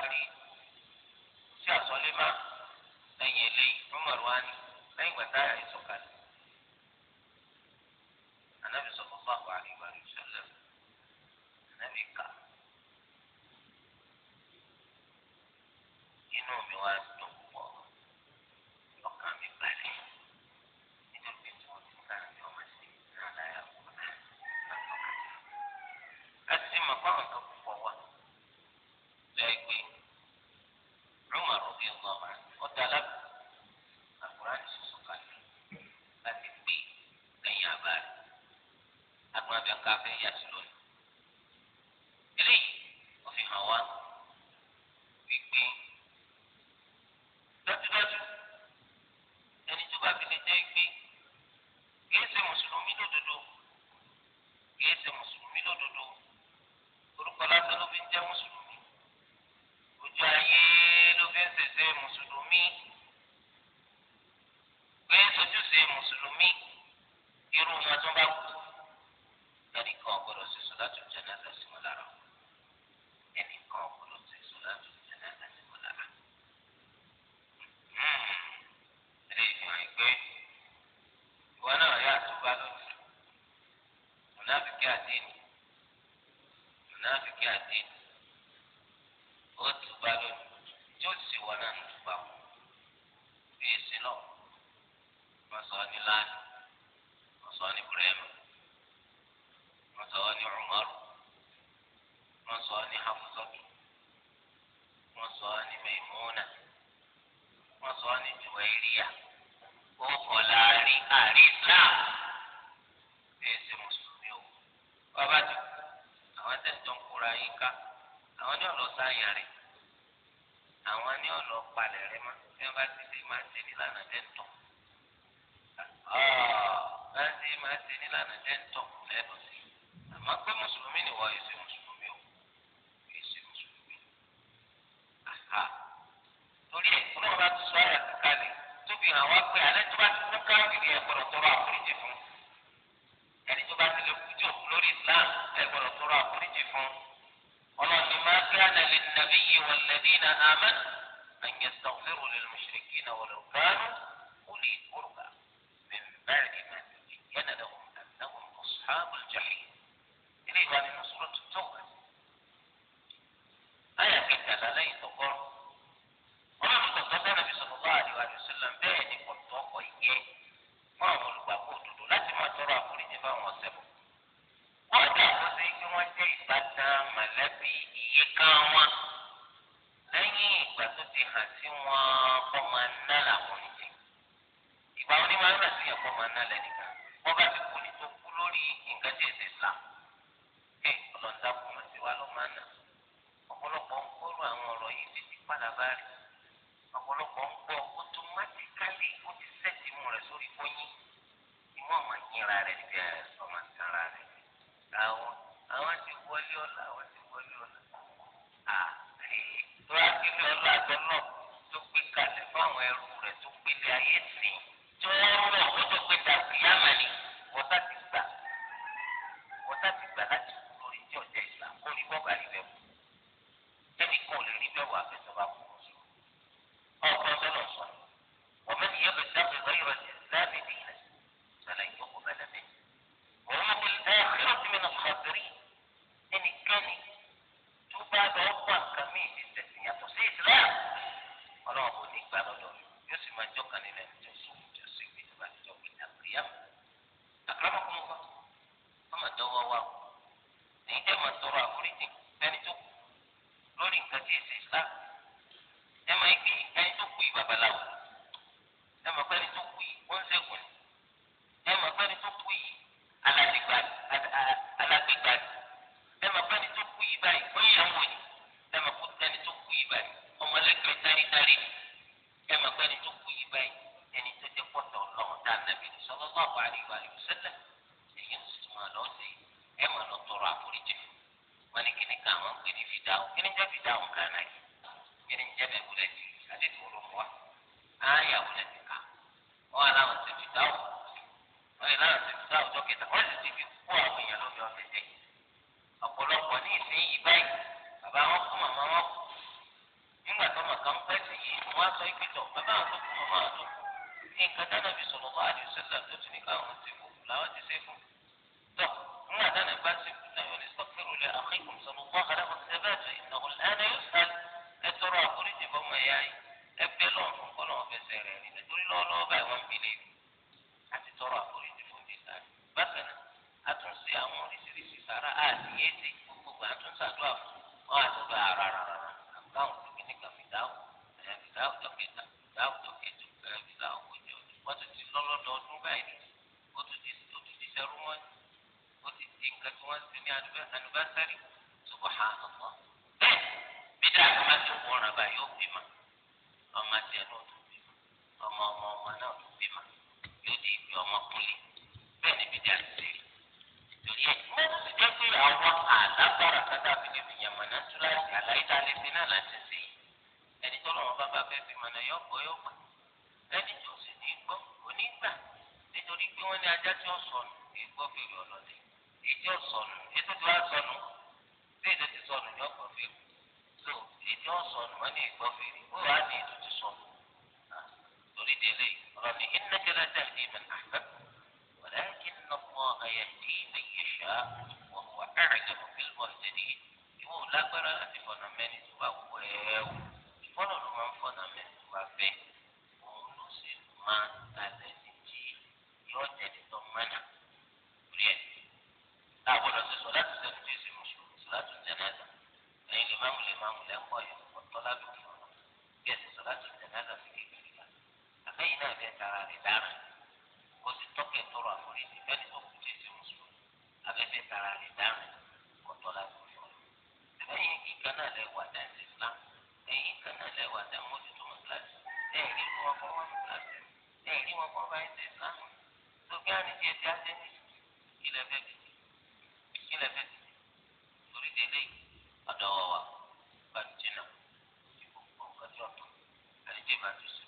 parí sí àsọlé máa lẹ́yìn eléyìí Umar wa ni lẹ́yìn ìgbà táyà yìí sọ̀kalẹ̀ anabi sallallahu alaihi wa sallam anabi kà inú mi wá dùn pọ̀ ọkàn mi balẹ̀ nítorí pé tí wọ́n ti ká mùsùlùmí lódodo kìí ṣe mùsùlùmí lódodo orúkọ lásán ló fi ń jẹ́ mùsùlùmí ojú ayé ló fi ń ṣèṣe mùsùlùmí kìí ṣojúṣe mùsùlùmí irú wọn tó bá kú. أصحاب الجحيم إليه ما من سورة التوبة آية كتاب عليه تقر وما متقدم النبي صلى الله عليه وسلم بين قلت وقيه ما هو الباقوت لا تما ترى أقول نفا وسبب وأدى أخذيك وأنت باتا ملبي إيكاوا lẹ́yìn ìgbà tó ti hàn sí wọn ọmọ náà làwọn ò ní jẹ ìgbà onímọ̀ ẹ̀rọ sí ẹ̀kọ́ ọmọ náà lẹ́nìkan. Right kẹta wọ́n sì ti fi kó àwọn èèyàn lómi ọ̀sẹ̀ sẹ́ ọ̀pọ̀lọpọ̀ ní ìsìn yìí báyìí bàbá wọn kú màmá wọn kú nígbà tó màkà ń pẹ́ sí yìí wọ́n á sọ ìpìtọ̀ bàbá àwọn tó kú màmá àwọn tó kú ní nǹkan dáná bí sọ̀rọ̀ wá àdìsọ́lá tó ní káwọn ti fò làwọn ti ṣe ajá tí ó sọnù kì í gbọ́ fèrè ọlọ́dẹ èyí tí ó sọnù èyí tó ti wá sọnù bí èdè ti sọnù ni ọkọ̀ fèrè so èyí ó sọnù wọn ní ìgbọ́ fèrè wà ní ètò ti sọnù torí délé ọ̀rọ̀ ni innaka la tahdi man ahbabta walakinna Allaha yahdi man yasha'u wa huwa a'lamu bil muhtadin ìwọ lágbára láti fọ̀nà mẹ́ni tó bá wọ ẹ̀ẹ́wò ìfọ́nà ló máa ń fọ̀nà tó bá fẹ́ òun ló sì máa ń talẹ̀ ní tí yọ̀ọ́ wọn kọ́ wọn nígbà tẹ ẹ̀rí wọn kọ́ báyìí ṣe sá tó kí á ní kí ẹtí á ṣe ní ilẹ̀ fẹ́ fi ilẹ̀ fẹ́ fi torí délé ọ̀dọ̀ wọ̀ wá náà ti gbogbo ọ̀tọ̀ àdéjẹ́ bá tó sọ.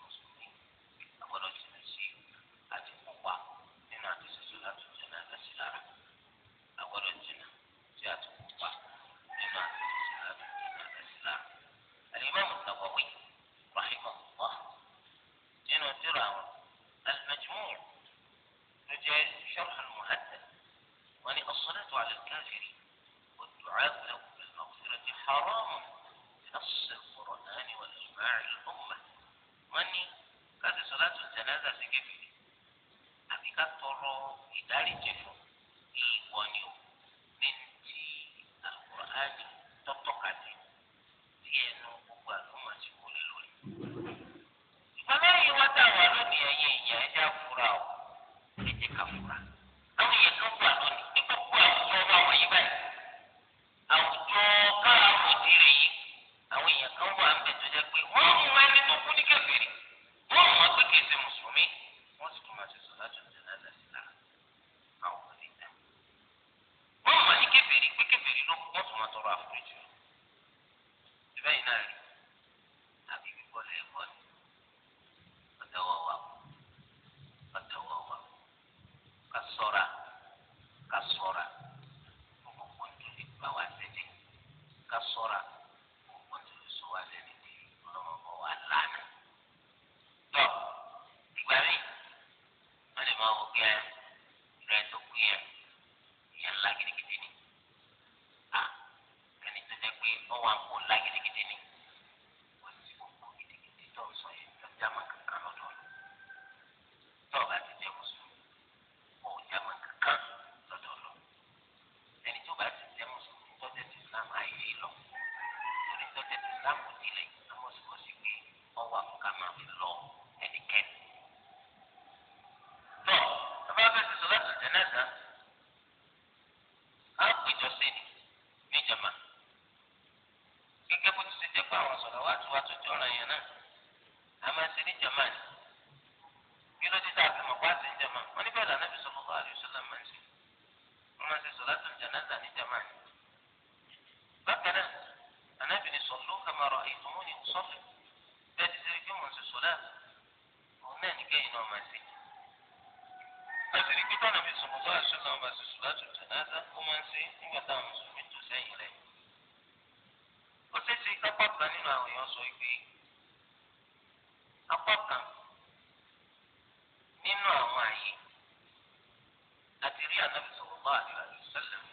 الله عليه وسلم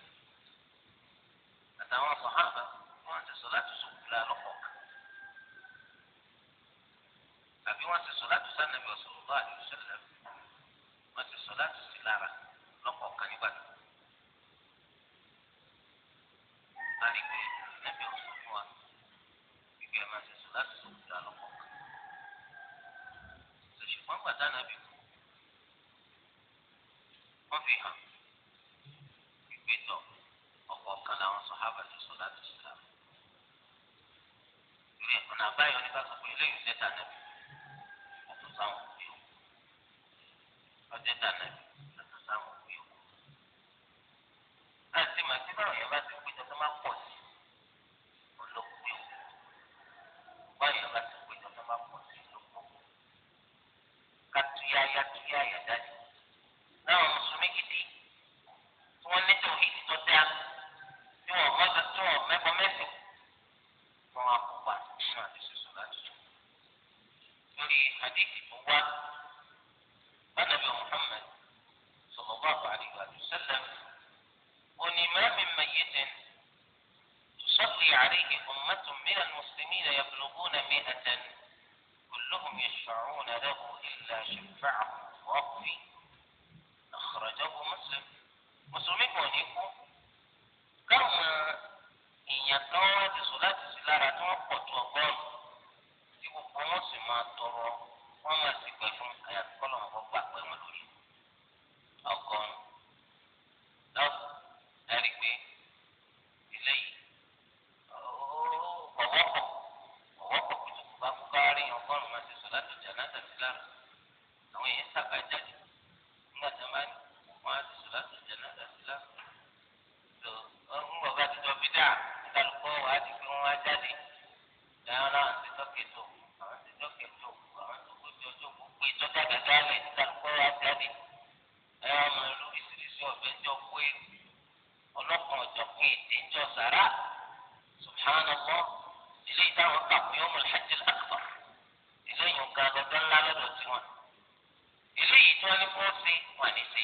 أتوا صحابة وأنت صلاة سوق لا لقوك أبي وأنت صلاة النبي رسول الله عليه وسلم وأنت صلاة سلارة لقوك نبات أريد النبي صلى الله وسلم يقول ما صلاة سوق لا لقوك سيشوفون بدأنا بكم وفي pé tọ̀ ọ̀pọ̀ kan làwọn sọ̀hábà ti sọ láti islam. ìwé ọ̀nà àbáyọ nípa sọ pé eléyìí lẹ́tà nàbì ọ̀tún sáwọn òbí òkú ọ̀tẹ́tà nàbì. عليه أمة من المسلمين يبلغون مئة كلهم يشفعون له إلا شفعه ربي أخرجه مسلم مسلمين كونيكو كما إن يتوى تسلات سلارة وقوة وقوة يقول مسلم ما pé ọlọ́kan ọ̀jọ̀kan èdè ń jọ sàrà subhanallah ilé ìdáhùn kàkún yóò mú hajj akbar ilé yìí ń ga dandan ńlá lọ́dọ̀ tiwọn ilé yìí tí wọ́n ní kó ṣe wà ní ṣe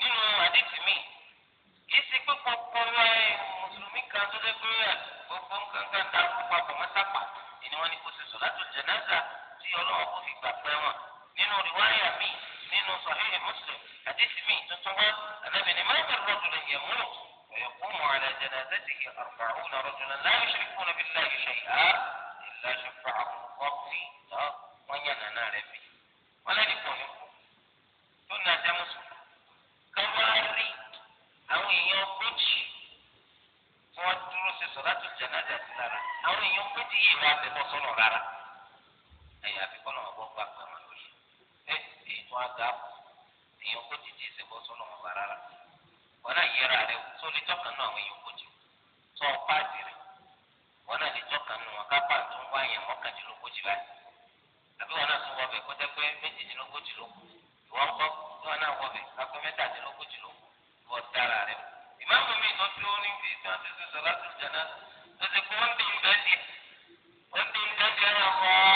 nínú àdìsí mi kì í ṣe pé gbogbo ẹ mùsùlùmí kan tó dẹ́gbẹ́ rẹ̀ gbogbo nǹkan kan dá púpọ̀ pọ̀mọ́sápà ìní wọn ni kò ṣe sọ̀látù jánásà tí ọlọ́wọ́ kò fi gbà pẹ́ wọn nínú rìwáyà míì. من صحيح مسلم حديث مين تتوى أن من إمام الرجل يموت ويقوم على جنازته أربعون رجلا لا يشركون بالله شيئا إلا شفعهم الله فيه wọ́n yàn nàná rẹ̀ fi wọ́n lẹ́nu pọ̀ ní kú tó nà jẹ́ mùsùlùmí káwárì àwọn èèyàn ogójì tí wọ́n dúró ṣe sọ láti jẹ̀nájà sí lára àwọn èèyàn ogójì yìí wọ́n á bẹ̀ bọ́ sọ́nà rárá ẹ̀yà àfikún náà bọ́. fún àga èèyàn ogójì tí ìṣe bọ́ sọ́nà wọn rárá wọn náà yẹra rẹ tó lè tọ́ka náà àwọn èèyàn ogójì tó ọ páàdì rẹ wọn náà lè tọ́ka náà wọn kápá tó ń wá mọ́kàndínlógójì báyìí àbí wọn náà tún wọ bẹ kó pé méjìdínlógójì ló kù ìwọ ń wọn náà wọ bẹ kápẹ́ mẹ́tàdínlógójì ló kù dára rẹ ìmáàmù mi tó ní